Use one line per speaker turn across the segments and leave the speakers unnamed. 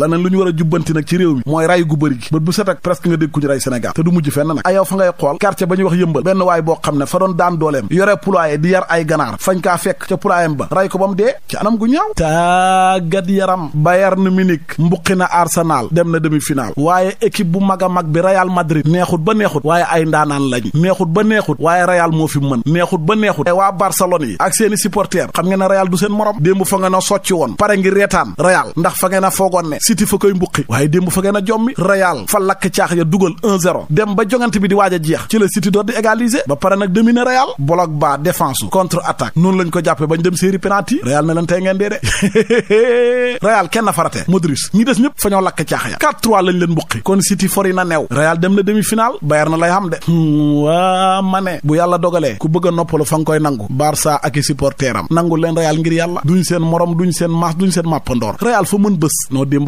laneen lu ñu war a jubbanti nag ci réew mi mooy ray gu bëri gi bët bu set ak presque nga dégg ku ñu ray Sénégal te du mujj fenn nag ayow fa ngay xool quartier ba ñuy wax yëmbal benn waay boo xam ne fa doon daan dooleem yore poulailler di yar ay ganaar fañ kaa fekk ca poulaayam ba ray ko ba mu dee ci anam gu ñaaw tàggat yaram Bayern Munich mbuqi na Arsenal dem na demi-finale waaye équipe bu mag a mag bi Real Madrid neexut ba neexut waaye ay ndaanaan lañ neexut ba neexut waaye Real moo fi mën neexut ba neexut waa Barcelone yi ak seeni supporters xam nga ne Real du seen morom démb fa nga na socc woon pare ngi reetaan Real ndax fa na foogoon ne City fa koy mbuqi waaye démb fa gën a jommi Real fa lakk caax ya dugal 1-0 dem ba jongante bi di waaj a jeex ci la City door di égaliser ba pare nag dominer Real bloc bas défense contre attaque noonu lañ ko jàppee bañ dem série penalty Real ne leen tey dee de Real kenn farate Modric ñi des ñëpp fa ñoo lakk caax ya 4-3 lañ leen mbuqi kon City fori na neew Real dem na demi-finale Bayern na lay xam de hmm, waa ma bu yàlla dogalee ku bëgg a noppalu fa nga koy nangu Barça ak i supporteram yàlla duñ seen morom duñ seen maas duñ seen màppandoor Real fa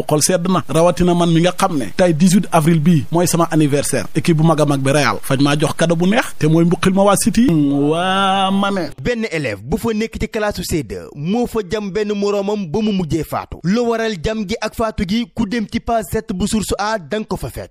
xol sedd na rawatina man mi nga xam ne tey 18 avril bii mooy sama anniversaire équipe bu mag a mag bi Real faj maa jox kado bu neex te mooy mbuqil ma waa City waa ma ne benn élève bu fa nekk ci classe c moo fa jam benn moroomam ba mu mujjee faatu lu waral jam gi ak faatu gi
ku dem ci page 7 bu source a da nga ko fa fekk.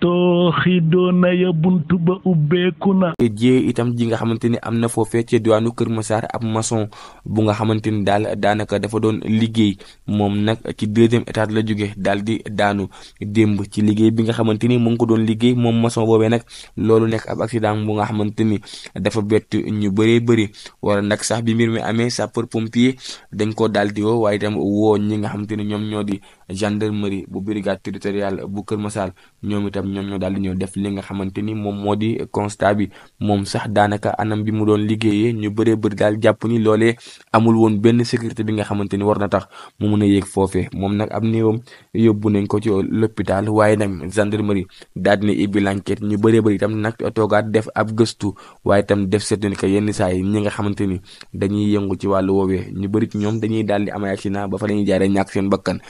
tooxidona ya bunt ba
ubbeeku na jee itam ji nga xamante ni am na foofee ci diwaanu Kër Massar ab maçon bu nga xamante ni daal daanaka dafa doon liggéey moom nag ci deuxième étage la jóge daal di daanu démb ci liggéey bi nga xamante ni mu ngi ko doon liggéey moom maçon boobee nag loolu nekk ab accident bu nga xamante ni dafa bett ñu bëree bëri wala nag sax bi mbir mi amee sapeur pompier dañ ko daal di woo waaye itam woo ñi nga xamante ni ñoom ñoo di gendarmerie bu brigade territoriale bu Kër Massar ñoom itam ñoom ñoo daal di ñëw def li nga xamante ni moom moo di constat bi moom sax daanaka anam bi mu doon liggéeyee ñu bëree bëri daal jàpp ni loolee amul woon benn sécurité bi nga xamante ni war na tax mu mun a yéeg foofee moom nag ab néewam yóbbu nañ ko ci l'hôpital waaye nag gendarmerie daal dina ibbi l'enquête ñu bëree bëri itam nag toogaat def ab gëstu waaye itam def seetlu ni que yenn saa yi ñi nga xamante ni dañuy yëngu ci wàllu woowee ñu bëri ñoom dañuy daal di am ay accident ba fa lañuy jaaree ñàkk seen bakkan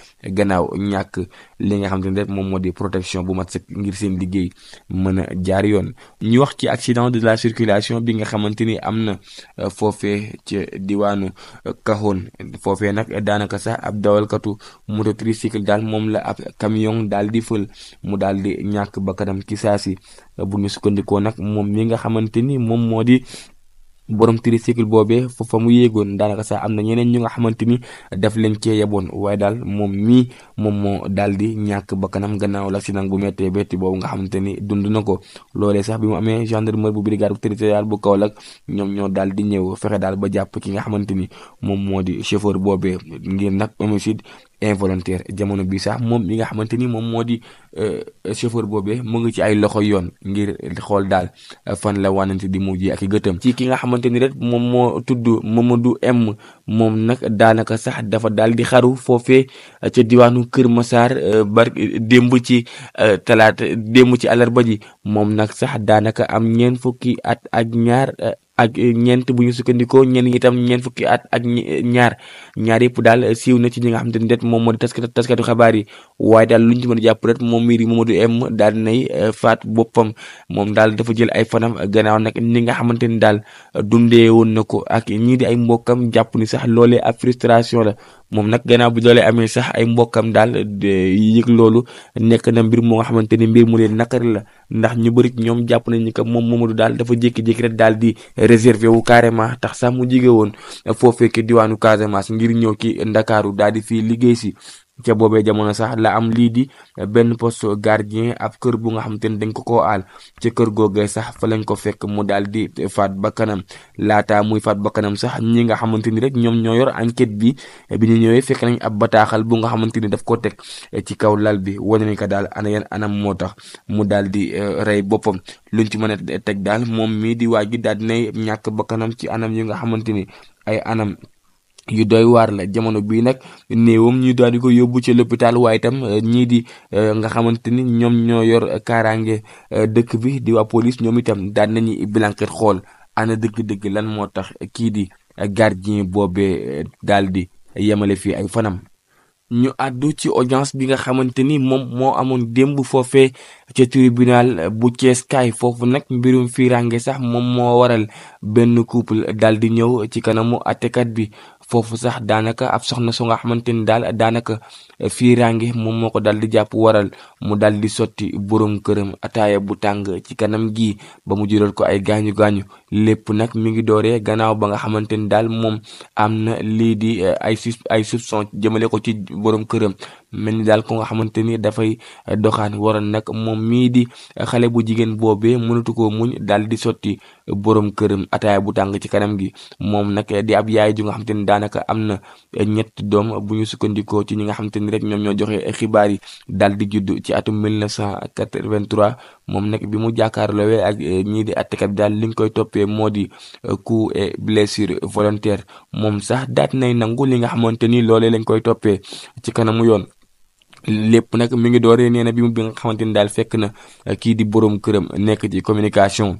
gannaaw ñàkk li nga xam te moom moo di protection bu mat sëkk ngir seen liggéey mën a jaar yoon ñu wax ci accident de la circulation bi nga xamante ni am na euh, foofee ca diwaanu euh, Kahone foofee nag daanaka sax ab dawalkatu moto tricycle daal moom la ab camion daal di fël mu daal di ñàkk bakkanam ci saa euh, bu ñu sukkandikoo nag moom mi nga xamante moom moo di borom tricycle boobee foofa mu yéegoon daanaka sax am na ñeneen ñu nga xamante ni daf leen cee yeboon waaye daal moom mii moom moo daal di ñàkk ba kanam bakkanam si l'accident bu méttee betti boobu nga xamante ni dund na ko loolee sax bi mu amee gendarmerie bu brigade territoriale bu Kaolack ñoom ñoo daal di ñëw fexe daal ba jàpp ki nga xamante ni moom moo di chauffeur boobee ngir nag homicide involontaire jamono bi sax moom mi nga xamante ni moom moo di euh, chauffeur boobe mu ngi ci ay loxo yoon ngir xool daal fan la wànnante di mujjee ak i gëtëm. ci ki nga xamante ni rek moom moo tudd du M moom nag daanaka sax dafa daal di xaru foofee ca diwaanu Kër Massar euh, bar démb ci euh, talaata démb ci àllarba ji moom nag sax daanaka am ñeent fukki at ak ñaar ak ñeent bu ñu sukkandikoo ñenn itam ñeent fukki at ak ñaar. ñaar yëpp daal siiw na ci ñi nga xam te ni det moom moo di taskat taskatu xabaar yi waaye daal a jàpp rek M daal dinay eh, faat boppam moom daal dafa jël ay fanam gannaaw nag ni nga xamante ni daal dundee woon na ko ak ñii di ay mbokkam jàpp ni sax loolee ab frustration la moom nag gannaaw bu doolee amee sax ay mbokkam daal yëg loolu nekk na mbir moo nga xamante ni mbir mu leen naqari la ndax ñu bëri ñoom jàpp nañ ni que moom Mamadou daal dafa jékki-jékki rek daal di réservé wu carrément tax sax mu jige woon foofee ke diwaanu Casamance ngir ñëw ci ndakaaru daal di fii liggéey si ca boobee jamono sax la am lii di benn poste gardien ab kër bu nga xam ne dañ ko ko àll ca kër googee sax fa lañ ko fekk mu daal di faat bakkanam laata muy faat bakkanam sax ñi nga xamante ni rek ñoom ñoo yor enquête bi bi ñu ñëwee fekk nañ ab bataaxal bu nga xamante ni daf ko teg ci kaw lal bi wane nañ ko daal ana yan anam moo tax mu daal di eh, rey boppam luñ ci mën a teg daal moom mii di waa ji daal dinay ñàkk bakkanam ci anam yi nga xamante ni ay anam yu dooy waar la jamono bii nag néewam ñu daal di ko yóbbu ci l'hôpital waaye itam euh, ñii di euh, nga xamante ni ñoom ñoo yor kaaraange euh, dëkk bi di waa police ñoom itam daan nañu bilanket xool ana dëgg-dëgg lan moo tax kii di gardien boobee daal di yemale fii ay fanam. ñu àddu ci audience bi nga xamante ni moom moo amoon démb foofee ca tribunal bu Thiès kaay foofu nag mbirum firange sax moom moo waral benn couple daal di ñëw ci kanamu àttekat bi. foofu sax daanaka ab soxna su nga xamante ni daal daanaka eh, fiiraange moom moo ko daal di jàpp waral mu daal di sotti borom këram ataaya bu tàng ci kanam gi ba mu jural ko ay gaañu gaañu lépp nag mu ngi dooree gannaaw ba nga xamante ni daal moom am na lii di eh, ay su ay soupçon jëmale ko ci borom këram mel ni daal ko nga xamante ni dafay doxaan waroon nag moom mii di xale bu jigéen boobee mënatu koo muñ daal di sotti borom këram ataaya bu tàng ci kanam gi moom nag di ab yaay ju nga xamante ni daanaka am na ñett doom bu ñu sukkandikoo ci ñi nga xamante ni rek ñoom ñoo joxe xibaar yi daal di judd ci atum 1983 moom nag bi mu jàkkaarloowee ak eh, ñii di attekat bi daal liñ koy toppee moo di eh, coup et blessure volontaire moom sax daat nay nangu li nga xamante ni loolee lañ koy toppee ci kanamu yoon. lépp nag mi ngi dooree nee na bi mu bi nga daal fekk na eh, kii di boroom këram nekk ci communication.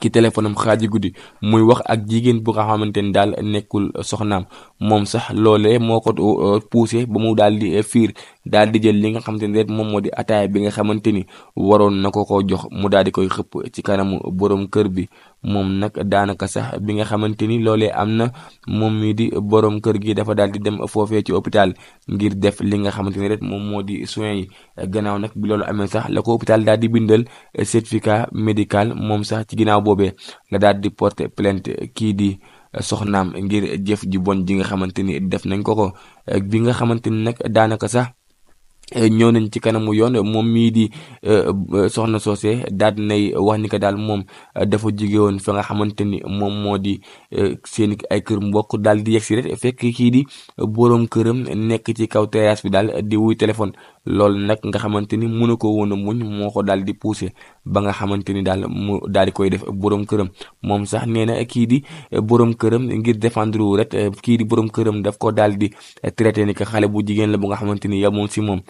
ci téléphone am xaaji guddi muy wax ak jigéen bu nga xamante ni daal nekkul soxnaam moom sax loolee moo ko uh, poussé ba mu daal di uh, fiir daal di jël li nga xamante ni moom moo di ataaya bi nga xamante ni waroon na ko ko jox mu daal di koy xëpp ci kanamu borom kër bi moom nag daanaka sax bi nga xamante ni loolee am na moom mi di borom kër gi dafa daal di dem foofee ci hôpital ngir def li nga xamante ni rek moom moo di soins yi gannaaw nag bi loolu amee sax la ko hôpital daal di bindal certificat médical moom sax ci ginnaaw boobee la daal di porter plainte kii di. soxnaam ngir jëf ji bon ji nga xamante ni def nañ ko ko bi nga xamante ni nag daanaka sax ñëw nañ ci kanamu yoon moom mii di euh, euh, soxna soose daal nay wax ni ko daal moom dafa jóge woon fa nga xamante ni moom moo di euh, seen ay kër mbokk daal di yegsi rek fekk kii di boroom këram nekk ci kaw terrasse bi daal di wuy téléphone loolu nag nga xamante ni mënu ko woon a muñ moo ko daal di poussé ba nga xamante ni daal mu daal di koy def borom këram moom sax nee na kii di borom këram ngir défendre wu rek kii di borom këram daf ko dal di traité ni que xale bu jigéen la bu nga xamante ni yamoon si moom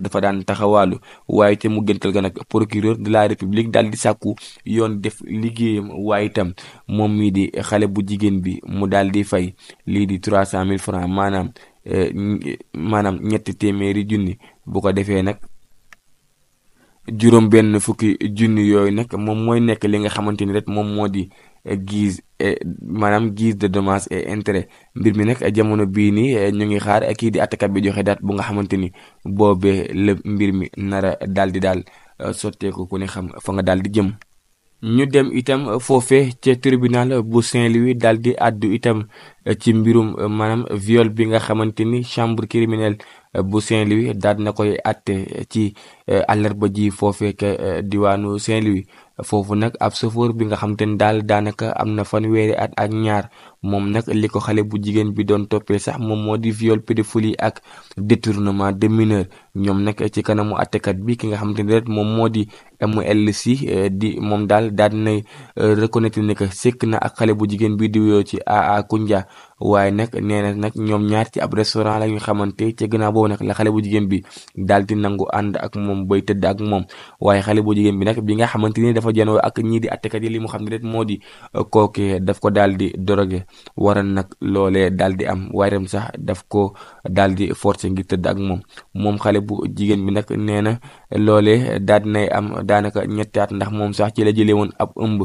dafa daan taxawaalu waaye te mu gëntal nag procureur de la république daal di sàkku yoon def liggéeyam waaye itam moom mii di xale bu jigéen bi mu daal di fay lii di trois cent mille francs maanaam eh, maanaam ñetti téeméeri junni bu ko defee nag juróom benn fukki junni yooyu nag moom mooy nekk li nga xamante ni rek moom moo di eh, guise eh, maanaam gis de dommages et intérêts mbir mi nag jamono bii nii eh, ñu ngi xaar kii di attakat bi joxe daat bu nga xamante ni boobee la mbir mi nara daal di daal sotteeku ku ne xam fa nga daal di jëm. ñu dem itam foofe ca tribinal bu Saint-Louis daal di àddu itam ci mbirum euh, maanaam viole bi nga xamante ni chambre criminelle euh, bu Saint-Louis daal na koy àtte ci euh, àllarba ji foofe ca diwaanu Saint-Louis foofu nag ab chauffeur bi nga xamante ni daal daanaka am na fanweeri at ak ñaar moom nag li ko xale bu jigéen bi doon toppee sax moom moo di viol pédophilie ak détournement de mineur ñoom nag ci kanamu attekat bi ki nga xamante ne rek moom moo di MLC eh, di moom daal daal dinay eh, reconnaître ne que sekk na ak xale bu jigéen bi di wuyoo ci AA Kunja waaye nag nee na nag ñoom ñaar ci ab restaurant ñu xamante ci gannaaw boobu nag la xale bu jigéen bi daal di nangu ànd ak moom bay tëdd ak moom waaye xale bu jigéen bi nag bi nga xamante ni dafa janoo ak ñii di àttekat yi li mu xam ne rek moo di eh, kookee daf ko daal di doroge waroon nag loolee daal di am waaye sax daf ko daal di forcé ngir tëdd ak moom moom xale bu jigéen bi nag nee na loolee daal di nay am daanaka ñetti at ndax moom sax ci la jëlee woon ab ëmb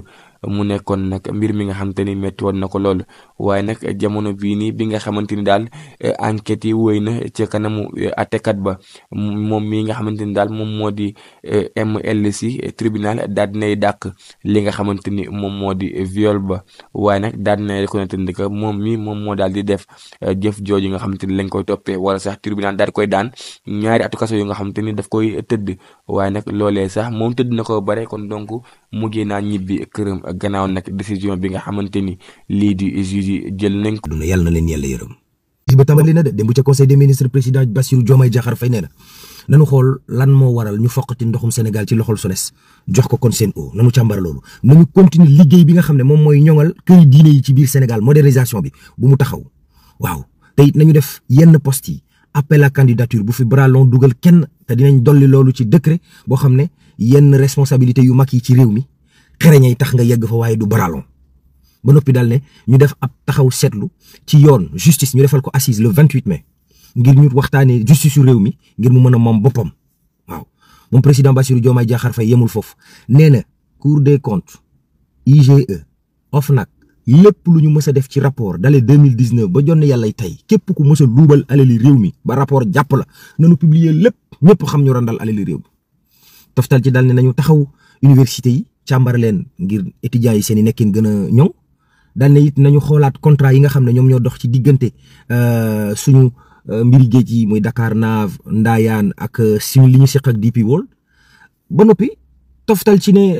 mu nekkoon nag mbir mi nga xamante ni métti woon na ko lool waaye nag jamono bii nii bi nga xamante ni daal eh, enquête yi wéy na ci kanamu àttekat eh, ba moom mii nga xamante ni daal moom moo di eh, MLC tribunal daal dinay dàq li nga xamante ni moom moo di viol ba waaye nag daal dinay reconnaître ni que moom mi moom moo daal di def jëf jooju nga xamante ni lañ koy toppee wala sax tribunal daal koy daan ñaari atu kaso yu nga xamante ni daf koy tëdd waaye nag loolee sax moom tëdd na ko bare kon donc mujjee naa ñibbi këram gannaaw nag décision bi nga xamante ni lii di juge jël nañ ko. yàlla na leen yàlla
yërëm. ba tàmbali na de démb ca conseil des ministres président Bassirou Diomaye Diakhar Faye nee na nanu xool lan moo waral ñu foqati ndoxum Sénégal ci loxol SONES jox ko kon seen o nanu càmbar loolu nañu continuer liggéey bi nga xam ne moom mooy ñoŋal këy diine yi ci biir Sénégal modernisation bi bu mu taxaw waaw te it nañu def yenn poste yi appel à candidature bu fi bras dugal kenn te dinañ dolli loolu ci décret boo xam ne yenn responsabilité yu mag yi ci réew mi xereñay tax nga yegg fa waaye du baralon ba noppi dal ne ñu def ab taxaw seetlu ci yoon justice ñu defal ko assise le 28 mai ngir ñu waxtaanee justice yu réew mi ngir mu mën a moom boppam waaw moom président Bassirou Diomaye Diakhar fa yemul foofu nee na cour des comptes IGE OFNAC lépp lu ñu mës a def ci rapport dale 2019 ba jonn yàllay tey képp ku mës a luubal alali réew mi ba rapport jàpp la nañu publier lépp ñëpp xam ñu randal alali réew mi toftal ci daal taxaw université càmbara leen ngir étudiants yi seen i nekkin gën a ñoŋ daal ne it nañu xoolaat contrat yi nga xam ne ñoom ñoo dox ci diggante euh, suñu euh, mbiri géej yi muy Dakar Nave ndaayaan ak euh, suñu li ñu seq ak World ba noppi toftal ci ne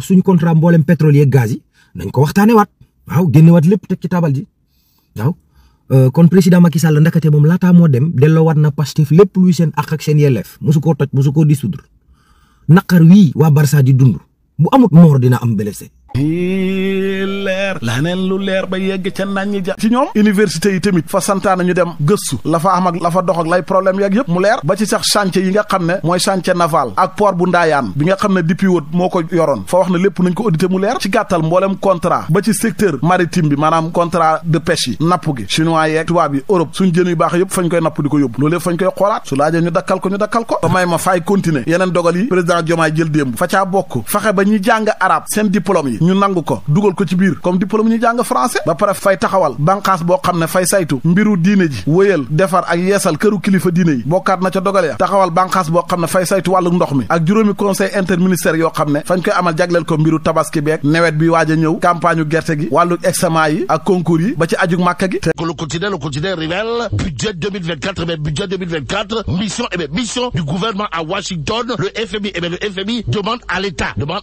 suñu contrat mboolem pétrole yeeg gaz yi nañ ko waxtaanee waat waaw génnewaat lépp teg ci taabal ji waaw. kon président Macky Sall ndakate moom laataa moo dem delloowaat na Pastef lépp luy seen àq ak seen yelleef mosu koo toj mosu koo dissoudre naqar wii waa Barça di dund. bu amut mort dina am blessé
leer laneen lu leer ba yegg ca nañ ja ci ñoom université yi tamit fa santaane ñu dem gëstu la fa am ak la fa dox ak lay problème yeeg yëpp mu leer ba ci sax chantier yi nga xam ne mooy chantier naval ak port bu ndaayaan bi nga xam ne depuis woot moo ko yoroon fa wax ne lépp nañ ko audité mu leer ci gàttal mboolem contrat ba ci secteur maritime bi maanaam contrat de pêche yi napp gi chinois yeeg tubaab yi Europe suñ jën yu baax yëpp fañ koy napp di ko yóbbu loolu yëpp fañ koy xoolaat su laajee ñu dakkal ko jàng ñu nangu ko dugal ko ci biir comme diplôme ñu jàng france ba pare fay taxawal banqaas boo xam ne fay saytu mbiru diine ji wëyal defar ak yeesal këru kilifa diine yi bokkaat na ca dogal ya taxawal banqaas boo xam ne fay saytu wàllu ndox mi ak juróomi conseil interministère yoo xam ne fañ koy amal jagleel ko mbiru tabaski beeg nawet bi waaj a ñëw campagne gerte gi wàllu examen yi ak concours yi ba ci aju màkka gi te le
quotidien le quotidien révèle budget 2024 mais budget 2024 mission et eh bien mission du gouvernement à Washington le FMI et eh bien le FMI demande à l'État demande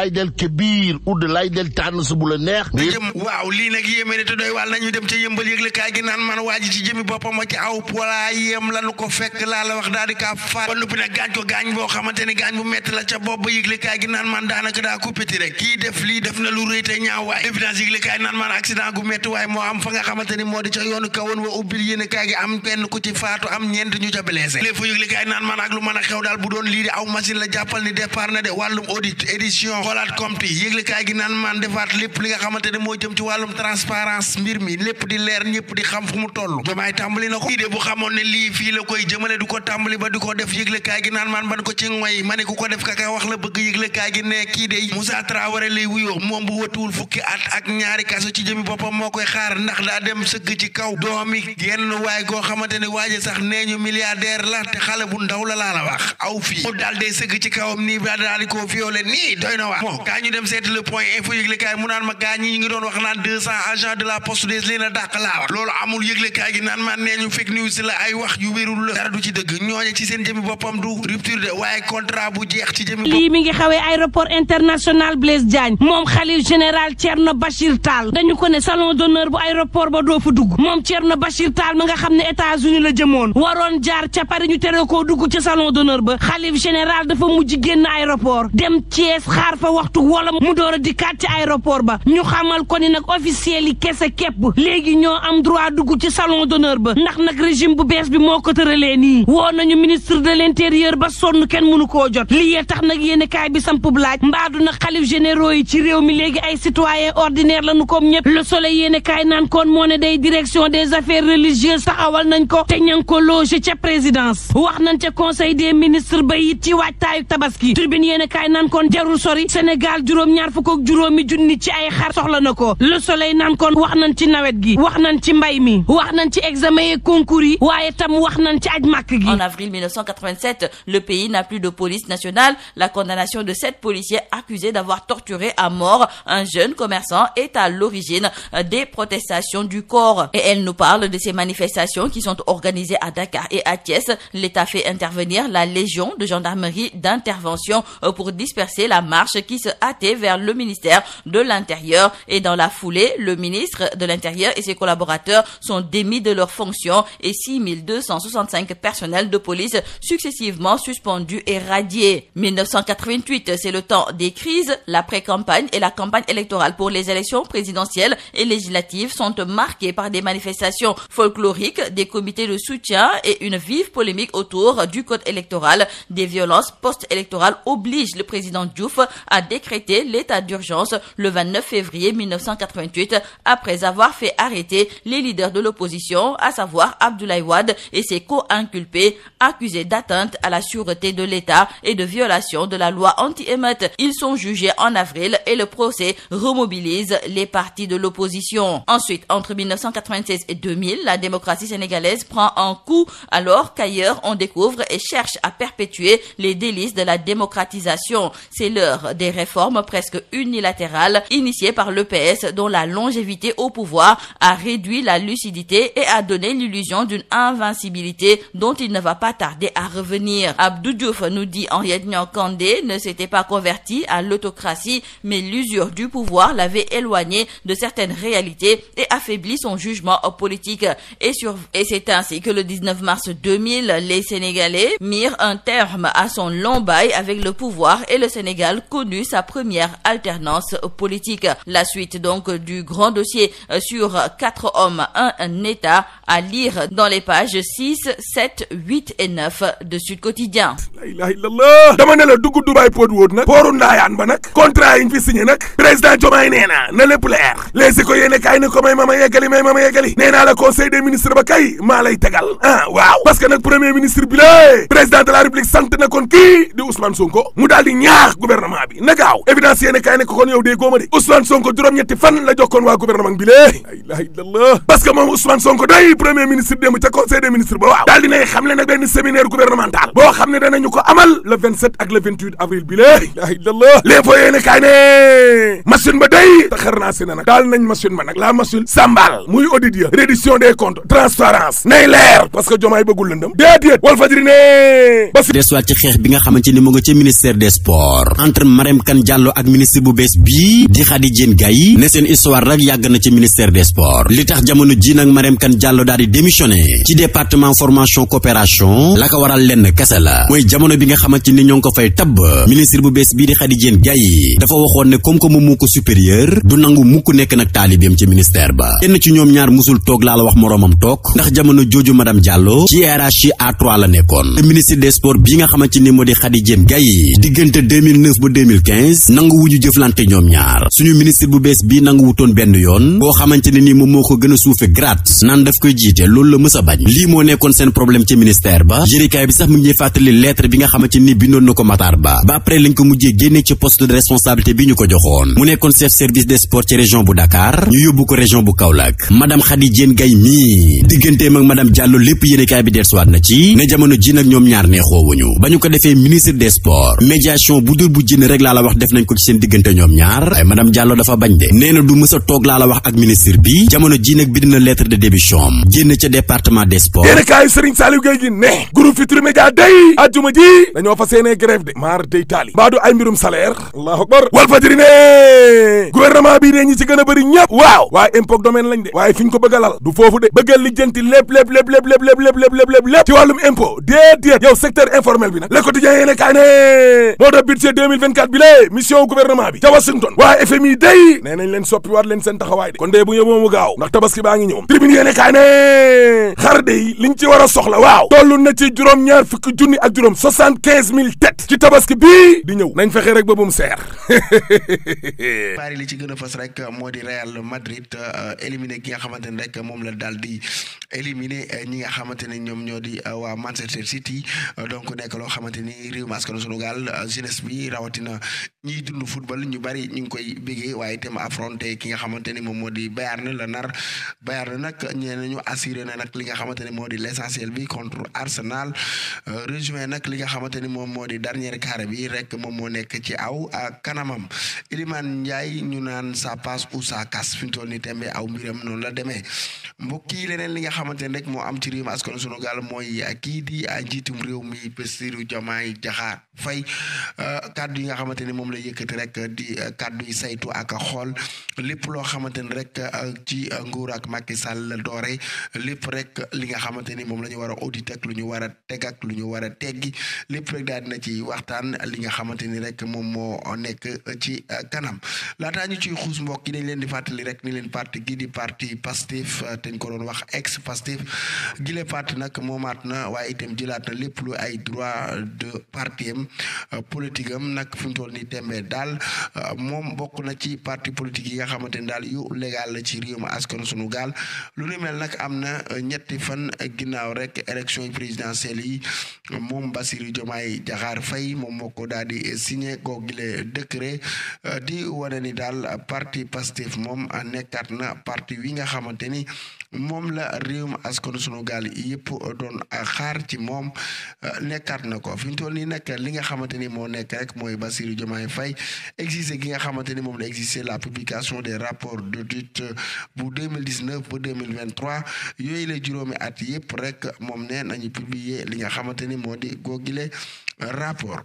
lay del kebir udd lay del tànn su la neex waaw lii nag yéeme ne te doy wàll nañu dem ca yëmbal yëgle kaay gi naan man waaye wa ubbil yéene kaay gi am kenn ku ci faatu am ñeent ñu ca blessé léegi fa yëgle kaay naan man ak lu mën a xew daal bu doon lii di aw machine la jàppal ni départ na de wàllum audit édition xoolaat compte yi yëglekaay gi naan maan defaat lépp li nga xamante ne mu toll jomaay tàmbali na ko idée bu xamoon ne lii fii la koy jëmale du ko tàmbali ba di ko def yëglekaay ko ci ngoy ma la bëgg yëglekaay gi ne kii de Moussa Traoré lay wuyoo moom bu wëtuwul fukki at ak ñaari kaso ci jëmi boppam moo koy xaar ndax daa dem sëgg ci kaw doomi genn waay goo xamante ne waaje sax nee ñu milliardaire la te xale bu ndaw la laa la wax aw fii mu daal day sëgg ci kawam nii ba daal di ko violé nii doy na waa bon gaa ñu dem seeti le point info yëglekaay mu naan ma gaa ñi ngi doon wax naan deux cent agents de la poste des leen a laa loolu amul yëglekaay gi naan man nee ñu fake news la ay wax yu wérul la dara du ci dëgg ñooñe ci seen jëmi boppam du rupture de waaye contrat bu jeex ci jëmi lii mi
ngi xawee aéroport international Blaise Diagne moom xalif général Thierno Bachir Tall dañu ko ne salon d'honneur bu aéroport ba doo fa dugg moom Thierno Bachir Tall ma nga xam ne États-Unis la jëmoon waroon jaar ca Paris ñu tere koo dugg ba xalif général dafa mujj génn aéroport dem waxtu wala mu door di dikkaat ci aéroport ba ñu xamal ko ni nag officiel yi kese képp léegi ñoo am droit dugg ci salon d'honneur ba ndax nag régime bu bees bi moo ko tëralee nii woo nañu ministre de l'intérieur ba sonn kenn mënu koo jot lii tax nag yéen kaay bi sampub laaj mbaadu nag xalif généraux yi ci réew mi léegi ay citoyen ordinaire lañu comme ñëpp le soleil yéen kaay naan kon moo ne day direction des affaires religieuses taxawal nañ ko te ña ngi ko loge ca présidence wax nañ ca conseil des ministres ba it ci waajtaayu tabaski tribune yéen kaay naan kon jarul sori Sénégal juróom-ñaar fukk ak juróomi junni ci ay xar ko Le Soleil naan kon wax nañ ci nawet gi wax nañ ci mbay mi wax nañ ci examen yi concours yi waaye tam wax nañ ci aj màkk gi. En avril 1987, le pays n'a plus de police nationale. La condamnation de sept policiers accusés d'avoir torturé à mort un jeune commerçant est à l'origine des protestations du corps. Et elle nous parle de ces manifestations qui sont organisées à Dakar et à Thiès. L'État fait intervenir la Légion de gendarmerie d'intervention pour disperser la marche qui se hâtaient vers le ministère de l'Intérieur. Et dans la foulée, le ministre de l'Intérieur et ses collaborateurs sont démis de leurs fonctions et 6265 personnels de police successivement suspendus et radiés. 1988, c'est le temps des crises, la pré et la campagne électorale pour les élections présidentielles et législatives sont marquées par des manifestations folkloriques, des comités de soutien et une vive polémique autour du code électoral. Des violences a décrété l'état d'urgence le 29 février 1988 après avoir fait arrêter les leaders de l'opposition, à savoir Abdoulaye Wade et ses co-inculpés accusés d'atteinte à la sûreté de l'État et de violation de la loi anti-émeute. Ils sont jugés en avril et le procès remobilise les partis de l'opposition. Ensuite, entre 1996 et 2000, la démocratie sénégalaise prend un coup alors qu'ailleurs on découvre et cherche à perpétuer les délices de la démocratisation. C'est l'heure des réformes presque unilatérales initiées par le dont la longévité au pouvoir a réduit la lucidité et a donné l'illusion d'une invincibilité dont il ne va pas tarder à revenir. Abdou Diouf nous dit Kandé ne s'était pas convertie à l'autocratie, mais l'usure du pouvoir l'avait éloignée de certaines réalités et affaibli son jugement politique. Et, c'est ainsi que le mars les Sénégalais mirent un terme à son long bail avec le pouvoir et le Sénégal rendu sa première alternance politique. La suite donc du grand dossier euh, sur quatre hommes, un, État à lire dans les pages 6, 7, 8 et 9 de Sud Quotidien. La
ilaha illallah dama ne la dugg Dubaay pod wóot nag pooru ndaayaan ba nag contrat yi ñu fi signé nag président Diomaye na na lépp leer les ko yéene kaay ne ko may mama yeggali may mama yeggali nee naa la conseil des ministres ba kay maa lay tegal ah waaw parce que premier ministre bi la président de la république bi na gaaw évidence yéen kaay ne ko kon yow dee góoma de Ousmane Sonko juróom-ñetti fan la jokkoon waa gouvernement bi lée la ilaha illallah parce que moom day premier ministre démb ca conseil des ministres ba waaw daal dinay xam le nag benn séminaire gouvernemental boo xam ne danañu ko amal le ak le avril bi lée ilaha illallah léeg foo yéen kaay ba day taxar nag daal nañ machine ba nag la machine sambal muy audit ya reddition des comptes
ni mu nga ci ministère Ibrahima Kane ministre bu bees bii di Khady Diène Gaye ne seen histoire nag yàgg na ci ministère des sports li tax jamono ji nag Mariam Kane Diallo daal ci département formation coopération la ko waral lenn kese la mooy jamono bi nga xamante ni ñoo ko fay tabb ministre bu bees bii di Khady Diène Gaye dafa waxoon ne comme que moom moo ko du nangu mukk nekk nag taalibeem ci ministère ba kenn ci ñoom ñaar musul toog laa wax moroomam toog ndax jamono jooju a 2015 nangu wuñu jëflante ñoom ñaar suñu ministre bu bees bii nangu benn yoon boo xamante ne nii moom moo ko gën a suufe grade naan daf koy jiite loolu la mës a bañ lii moo nekkoon seen problème ci ministère ba yéenekaay bi sax mu ngi ñuy fàttali lettre bi nga xamante ni bindoon na ko Matar Ba ba après lañ ko mujjee génne ci poste de responsabilité bi ñu ko joxoon mu nekkoon chef service des sports ci région bu Dakar ñu yóbbu ko région bu Kaolack madame Khady na ci ne jamono ji nag ko defee ministre des sports médiation bu laa la wax def nañ ko ci seen diggante ñoom ñaar ay madame Diallo dafa bañ de nee du mës a toog laa la wax ak ministre bi jamono ji nag bind lettre de démission am génn ca département des sports
kaay Serigne Saliou Gueye ne groupe Futurs Médias day ajjuma ji dañoo fa seenee grève de maar day taali mbaa ay mbirum salaire wal fajiri ne gouvernement bi de ñi ci gën a bëri ñëpp waaw waaye impôt domaine lañ de waaye fi ko bëgg a lal du foofu de bëggal lijjanti lépp bi lée mission gouvernement bi ca Washington waa FMI day nee leen soppi waat leen seen taxawaay de kon dee bu ñëw moomu gaaw ndax tabaski baa ngi ñëw tribune yéene kaay ne xar liñ ci war a soxla waaw toll na ci juróom-ñaar fukki junni ak juróom soixante quinze mille têtes ci tabaski bii di ñëw nañ fexe rek ba mu seer
li ci gën a fës rek moo di Real Madrid euh, éliminé ki nga xamante ne rek moom la daal di éliminé euh, ñi nga xamante ne ñoom ñoo di euh, waa Manchester City donc nekk loo xamante ni réew mi askanu Sénégal jeunesse rawatina ñiy dund football ñu bari ñu ngi koy bégee waaye itam affronté ki nga xamante ni moom moo di Bayern la nar Bayern nag ñee ñu assuré na nag li nga xamante ni moo di l'essentiel bi contre Arsenal euh, rejoint nag li nga xamante ni moom moo di dernier carré bi rek moom moo nekk ci aw kanamam Iliman Ndiaye ñu naan ça passe ou ça casse fi mu toll nii tembe aw mbiram noonu la demee mbokk yi leneen li nga xamante ne rek moo am ci réew mi askan sunu gaal mooy kii di njiitum réew mi Bassirou Diomaye Diakhar Faye euh, kaddu yi nga xamante ne moom la yëkkati rek di kaddu yi saytu ak xool lépp loo xamante ne rek ci nguur ak Macky Sall la doore lépp rek li nga xamante ni moom la ñu war a auditer lu ñu war a teg lu ñu war a teggi lépp rek daal dina ci waxtaan li nga xamante ni rek moom moo nekk ci kanam laataa ñu ciy xuus mbokk yi dañ leen di fàttali rek ni leen parti gi parti Pastef te lañ ko doon wax ex Pastef gile parti nag moomaat na waaye itam jëlaat na lépp lu ay droit de parti am euh, politique am nag fi mu toll nii tembe daal euh, moom bokk na ci parti politique yi nga xamante ni daal yu légal la ci réewum askan sunu gaal lu ni mel nag am na euh, ñetti fan ginnaaw rek élection présidentielle yi moom Bassirou Diomaye Diakhar Faye moom moo ko daal di signé googile décret di wane ni daal partie parti Pastef moom nekkaat na parti wi nga xamante ni moom la réew réewum askanu sunu gaal yëpp doon xaar ci moom euh, nekkaat na ko fi mu toll nii nag li nga xamante ni moo nekk rek mooy Bassirou yi fay exigé gi nga xamante ni moom la exigé la publication des rapports d'audit euh, bu 2019 ba 2023 yooyu la juróomi at yëpp rek moom neen ne nañu publier li nga xamante ni moo di góogile euh, rapport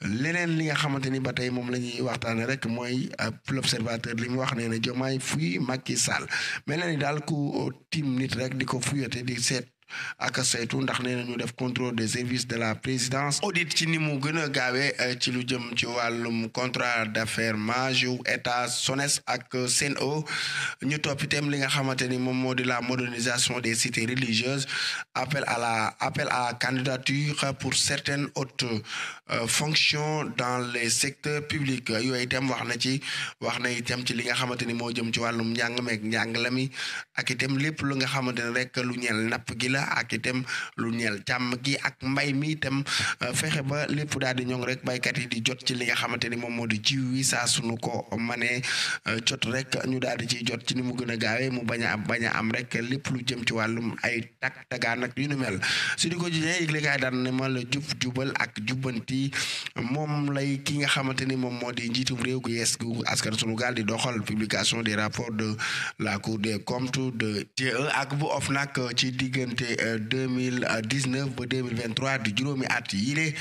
leneen li nga xamante ni ba tey moom la ñuy waxtaane rek mooy euh, l'observateur li mu wax nee ne jomaay fuy Macky Sall mel na ni daal ku tiim nit rek di ko fuyate di seet ak saytu ndax nee nañu def contrôle des services de la présidence audit ci ni mu gën a gaawee euh, ci lu jëm ci wàllum contrat d'affermage yu état sonnes ak o ñu topp li nga xamante ni moom moo di la modernisation des cités religieuses appel à la appel à candidature pour certaines hautes euh, fonctions dans les secteurs publics yooyu itam wax na ci wax na itam ci li nga xamante ni moo jëm ci wàllum njàng meeg njàng la ak itam lépp lu nga xamante ni rek lu ñeel la ak itam lu ñeel càmm gi ak mbay mi tam euh, fexe ba lépp daal di ñoŋ rek baykat yi di jot ci li nga xamante ni moom moo di jiw wi saa sunu ko manee euh, jot rek ñu daal di ciy jot ci ni mu gën a gaawee mu bañ am bañ a am rek lépp lu jëm ci wàllum ay tag tagaan nag yu nu mel su di ko jijee yëglekaay daan ne ma la jub jubal ak jubbanti moom lay ki nga xamante ni moom moo di njiitum réew gu yees gu askan sunu gaal di doxal publication des rapports de la cour de GIE deux mille dix-neuf ba deux mille vingt-trois di juróomi at yile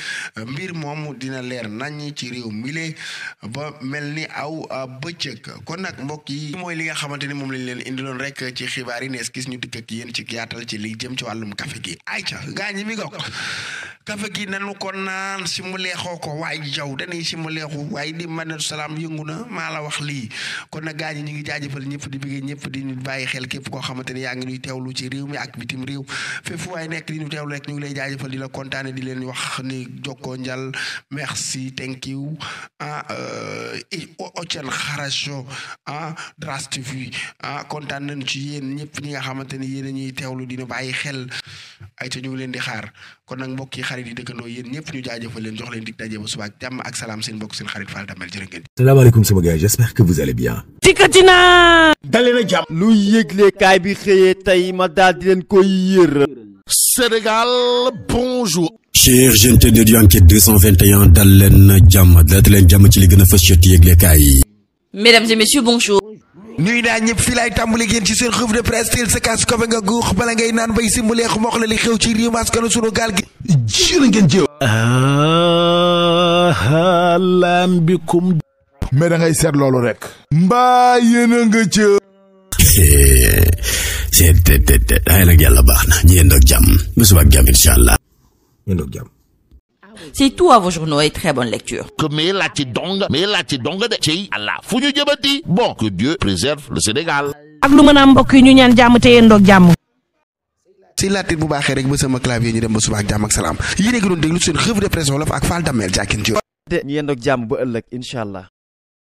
mbir moom dina leer nañ ci réew mile ba mel ni aw bëccëg kon nag mbokk yi mooy li nga xamante ni moom lañ leen indiloon rek ci xibaar yi nees gis ñu dikk ak ci yaatal ci li jëm ci wàllum café gi ay ca gaañi mi gokk café gi nanu ko naan si mu leexoo ko waaye jaw dañuy si mu leexu waaye di man a salaam yëngu na maa la wax lii kon nag gaañi ñu ngi jaajëfal ñëpp di bëggee ñëpp di nit bàyyi xel képp koo xamante ni yaa ngi ñuy mi ak bitim fépp fu waay nekk di ñu teewlu rek ñu ngi lay jaajëfal di la kontaane di leen wax ni jokko njal merci thank you ah euh, Ocean Xarasho ah Dras TV ah kontaan nañ ci yéen ñëpp ñi nga xamante ni yéen a ñuy teewlu dina bàyyi xel ay te ñu ngi leen di xaar kon nag mbokk yi xarit yi dëkkandoo yéen ñëpp ñu jaajëfal leen jox leen dig daje ba suba ak jàmm ak salaam seen mbokk seen xarit Fall Damel jërë ngeen.
salaamaaleykum sama gars j'espère que vous allez bien.
dikkati naa. dalee na jàmm. lu yëgle kaay bi xëyee tey ma daal di leen koy yër. Sénégal bonjour. cher gente
de Enquête 221 dal leen jàmm dal ci li gën a fës ci yëgle kaay yi.
messieurs bonjour. ñuy naa ñëpp fi laay tàmbali yéen ci seen revue de presse teel sa kaas kofe nga guux bala ngay naan bay si mu leexu mox la li xew ci réew mi sunu gaal gi jërë ngeen jëw
alaan ah, ah, bikum mais da ngay seet loolu rek mbaa yéen a nga ca
eh, seet te te te nag yàlla baax na ñu yendoog jàmm bu subaak jàmm incha allah yendoog jàmm
C'est tout à vos journaux et très bonne lecture. Que mais la tidong, mais la tidong de Tchei Allah. Founou Djabati. Bon, que Dieu préserve le Sénégal. Ak lu mëna mbokk yi ñu ñaan jàmm te yéen doog jàmm.
si laatit bu baaxee rek ba sama clavier ñu dem ba suba ak ak salaam yéen a ngi doon déglu seen revue de presse wolof ak Fall Damel Jaakin Diop. ñu yéen doog jàmm ba ëllëg incha allah.